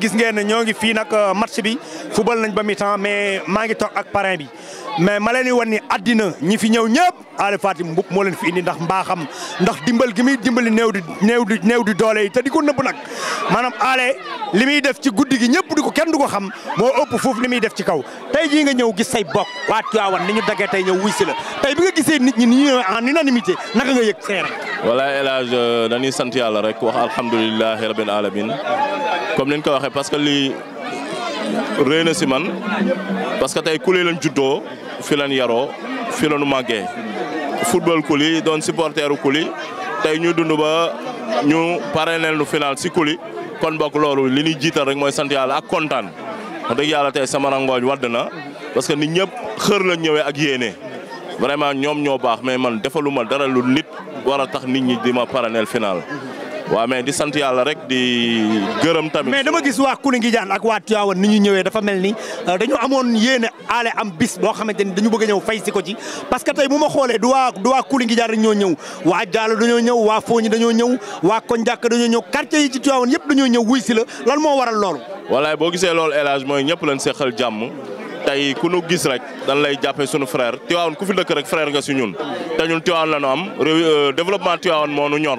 gis ngeen ne ñoo ngi fii nag euh, match bi football nañ ba mi-temps mais maa ngi toog ak parrain bi mais ma leen di wan ni àddina ñi fi ñëw ñëpp Aliou Fatim Mboup moo leen fi indi ndax mbaaxam ndax dimbal gi muy dimbali néew di néew di néew di doole yi te di ko nëbb nag maanaam Aliou li muy def ci guddi gi ñëpp di ko kenn du ko xam moo ëpp foofu li muy def ci kaw tey jii nga ñëw gis say bokk waa Tiwaawan ni ñu dagee tey ñëw wuy si la tey bi nga gisee nit ñi ni ñu en unanimité naka nga yeg seere wala El Hadj euh, dañuy sant yàlla rek wax alhamdulilahi rabbil alamin comme niñ ko waxee parce que lii rëy na si man parce que tey Kuli lañ juddoo fi lañ yaroo fi lañu màggee football Kuli doon supporteru Kuli tey ñu dund ba ñu parrainé lu final si Kuli kon bokk loolu li ñuy jiital rek mooy sant yàlla ak kontaan wax dëgg yàlla tey sama rangooñ wadd na parce que nit ñëpp xër lañ ñëwee ak yéene vraiment ñoom ñoo baax mais man defaluma dara lu nit war a tax nit ñi di ma parrainé final. waaw mais di sant yàlla rek di gërëm tamit. mais dama gis waa Koulinguidiane ak waa Tivaouane ni ñu ñëwee dafa mel ni euh, dañu amoon yéene aale am bis boo xamante ni dañu bëgg a ñëw fay si ko ci. parce que tey bu ma xoolee du waa du waa Koulinguidiane dañoo ñëw waa Diallo dañoo ñëw waa Fogny dañoo ñëw waa Kondiak dañoo ñëw quartier yi ci Tivaouane yëpp dañoo ñëw wuy si la lan moo waral loolu. walaay boo gisee loolu El Hadj mooy ñëpp lañ seqal jàmm tey ku nu gis rek dañ lay jàppee sunu frère Tivaouane ku fi dëkk rek frère nga si ñun te ñun Tivaouane la ñu am réew euh, développement Tivaouane moo nu ñor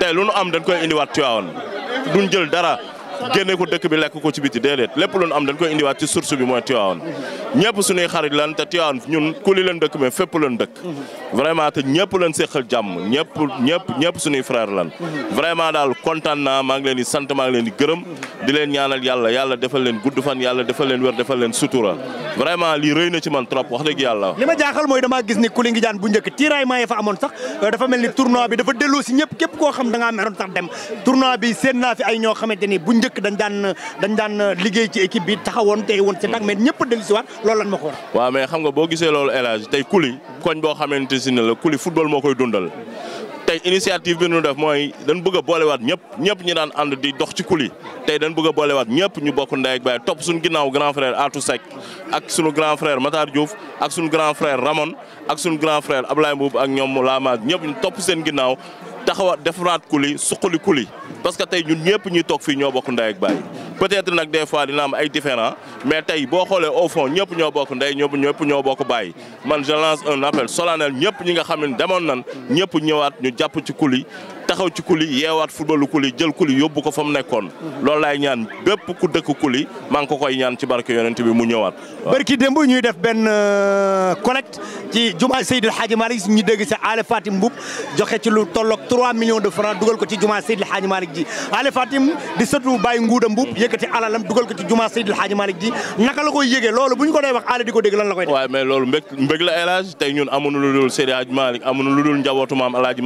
tey lu nu am dañ koy indiwaat Tivaouane duñ jël dara génne ko dëkk bi lekk ko ci biti déedéet lépp lu nu am dañ koy indiwaat ci source bi mooy Tivaouane ñëpp suñuy xarit lan te Tivaouane ñun kuli lan dëkk mais fépp lan dëkk. vraiment te ñëpp lan séqal jàmm ñëpp ñëpp ñëpp suñuy frère lan. vraiment daal kontaan naa maa ngi leen di sant maa ngi leen di gërëm. di leen ñaanal yàlla yàlla defal leen gudd fan yàlla defal leen wér defal leen sutura vraiment li rëy na ci man trop wax dëgg yàlla. li ma jaaxal mooy damaa gis ni kuli ngi jaan bu njëkk tiraillement ya fa amoon sax dafa mel ni tournoi bi dafa delloo si képp koo xam da ngaa meroon sax dem tournoi bi ni bu njëkk dañ daan dañ daan liggéey ci équipe bi taxawoon tey woon si tànk mais ñëpp dellu si waat loolu lan moo ko war mais xam nga boo gisee loolu élage tey kuli koñ boo xamante si ne la kuli football moo koy dundal tey initiative bi ñu def mooy dañ bëgg boolewaat ñëpp ñëpp ñi daan ànd di dox ci kuli tey dañ bëgg boolewaat ñëpp ñu bokk ndey ak baay topp suñu ginnaaw grand frère Atou Seck ak suñu grand frère Matar Diouf ak suñu grand frère Ramon ak suñu grand frère Ablaye Mbuub ak ñoom Lama ñëpp ñu topp seen ginnaaw taxawaat defaraat kuli suqali kuli parce que tey ñun ñëpp ñuy toog fii ñoo bokk ndey baay peut-être nag des fois dina am ay différents mais tey boo xoolee au fond ñëpp ñoo bokk ndey ñëpp ñëpp ñoo bokk bàyyi man je lance un appel solennel ñëpp ñi nga xam ne demoon nan ñëpp ñëwaat ñu jàpp ci kuli taxaw ci kuli yeewaat footballu kuli jël kuli yóbbu ko fa mu nekkoon. loolu laay ñaan bépp ku dëkk kuli maa ngi ko koy ñaan ci barke yonent bi mu ñëwaat. barki démb ñuy def benn euh, collecte ci jumaa Seydil Hadji Malick ñu dégg sa Ale Fatim Mboup joxe ci lu tolloog 3 millions de francs dugal ko ci jumaa Seydil Hadji Malick ji Ale Fatim di sëtu Baye Ngouda dugal ko ci jumaa Seydil Hadji Malick ji naka la koy loolu bu ñu ko day wax Ale di ko dégg lan la koy def. tey ñun amuñu lu dul Seydil Hadji Malick lu dul njabootu maam El Hadji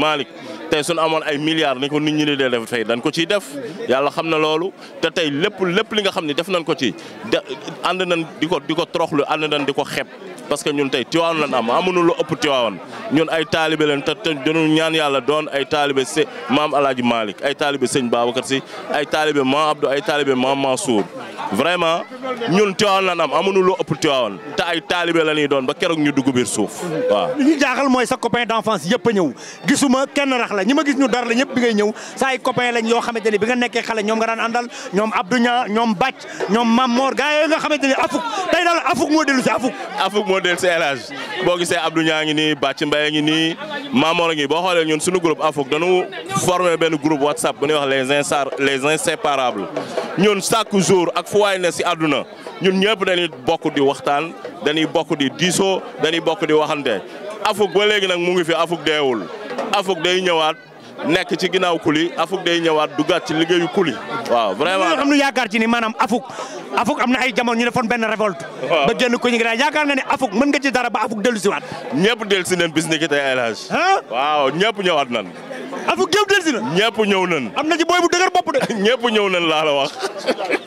tey suñu amoon ay milliards ni ko nit ñi di dee def tey dañ ko ciy def yàlla xam na loolu te tey lépp lépp li nga xam ne def nañ ko ci de ànd nañ di ko di ko toroxlu ànd nañ di ko xeeb parce que ñun tey Tiwaawan lañ am amuñu lu ëpp Tiwaawan ñun ay taalibe lañ te te dañu ñaan yàlla doon ay taalibe se maam El Hadj Malick ay taalibe sëñ Babacar si ay taalibe maam Abdou ay taalibe maam Mansour vraiment ñun Tiwaawan la am nu lu ëpp Tiwaawan te ay taalibe la ñuy doon ba keroog ñu dugg biir suuf waaw. li ñu jaaxal mooy sa copain d'enfance yëpp a ñëw gisuma kenn rax la ñi ma gis ñu dara la ñëpp bi ngay ñëw sa ay copain lañ yoo xamante ni bi nga nekkee xale ñoom nga daan àndal ñoom Abdou Niang ñoom Bac ñoom Mam Mor gars yooyu nga xamante ni afuk tey daal afuk moo dellu si afuk. afuk moo dellu si El boo gisee Abdou Niang ngi nii Bac mbay ngi nii Mam Mor ngi boo xoolee ñun suñu groupe afuk dañu formé benn groupe WhatsApp bu ñuy wax les insar les ñun chaque jour ak fu waay ne si àdduna ñun ñëpp dañuy bokk di waxtaan dañuy bokk di diisoo dañuy bokk di waxante afuk ba léegi nag mu ngi fi afuk deewul afuk day ñëwaat nekk ci ginnaaw kuli afuk day ñëwaat duggaat ci liggéeyu kuli waaw vraiment am nu yaakaar ci ni maanaam afuk afuk am na ay jamono ñu defoon benn révolte ba génn ko ñu ngi daan yaakaar na ne afuk mën nga ci dara ba afuk dellu si waat ñëpp dellu si nañ bis ni ki tey El waaw ñëpp ñëwaat nan afu géew delsi na. ñëpp ñëw nañ. am na ci booy bu dëgër bopp de. ñëpp ñëw nan laa la wax.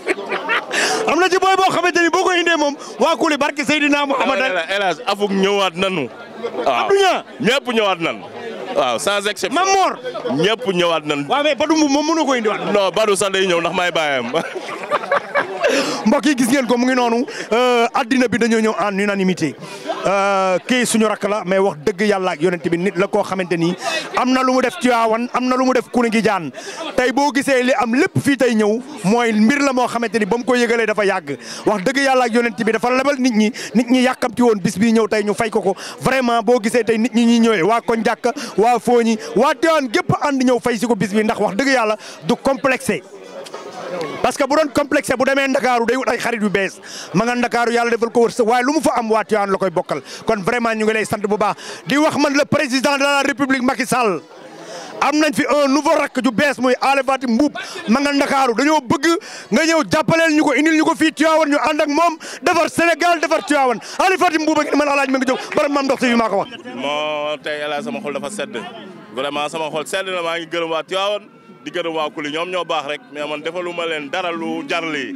am na ci booy boo xamante ni boo ko indee moom waa Kuli barke Seydina Muhammad hélas afuk ñëwaat nanu waaw Abdouña ñëpp ñëwaat nan waaw sans exception. Mam Mor ñëpp ñëwaat nan waaw mais Badou moom mënu ko indiwaat. ñëw ndax maay bàyyam. mbokk yi gis ngeen ko mu ngi noonu euh, addina bi dañoo ñëw en unanimité Euh, kii suñu rakk la mais wax dëgg yàlla ak yonent bi nit la koo xamante ni am na lu mu def Tiwaawan am na lu mu def Kuningi jaan tey boo gisee li am lépp fii tey ñëw mooy mbir la moo xamante ni ba mu koy yëgalee dafa yàgg wax dëgg yàlla ak yonent bi dafa lebal nit ñi nit ñi yàkkamti woon bis bi ñëw tey ñu fay ko ko vraiment boo gisee tey nit ñi ñuy ñëwee waa koñ jàkk waa fooñi waa Tiwaawan gépp ànd ñëw fay si ko bis bi ndax wax dëgg yàlla du complexé parce que bu doon complexé bu demee ndakaaru day wut ay xarit yu ko waaye lu mu fa am waa Tivaouane koy bokkal kon vraiment ñu ngi lay sant bu baax di wax man le président de la république Macky Sall am nañ fi un nouveau rakk ju bees muy Allé Fati Mbuub ma nga ndakaaru dañoo bëgg nga ñëw jàppaleel ñu ko indil ñu ko fii Tivaouane ñu ànd ak moom defar Sénégal defar Tivaouane Allé Fati Mbuub ak man alaaj ma ngi bara maam ndox te yu maa ko wax moo tey yàlla sama xol dafa sedd vraiment sama xol sedd di gërëm waa Kuli ñoom ñoo baax rek mais man defaluma leen dara lu jar lii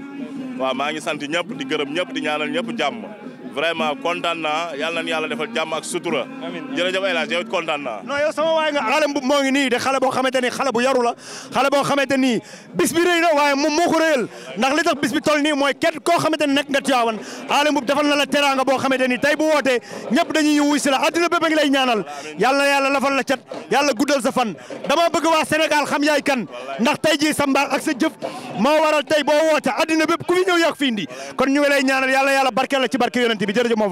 waaw maa ngi sant ñëpp di gërëm ñëpp di ñaanal ñëpp jàmm. vraiment kontaan naa yàlla na yàlla defal jàmm ak sutura. amiin jërëjëf El Hadj yow it kontaan naa. non yow sama waay nga xale bu moo ngi nii de xale boo xamante ni xale bu yaru la xale boo xamante ni bis bi rëy na waaye moom moo ko rëyal ndax li tax bis bi nii mooy kenn koo xamante ni nekk nga Tiwaawan xale bu defal na la teraanga boo xamante ni tey bu wootee ñëpp dañuy wuy si la a ngi lay ñaanal yàlla yàlla lafal la cat yàlla guddal sa fan dama bëgg waa Sénégal xam yaay kan ndax tey jii sa mbaax ak sa jëf moo waral tey boo woote addina bépp ku fi ñëw yàq fi kon ñu lay ñaanal yàlla yàlla barkeel la barke yonent bi jërëjëf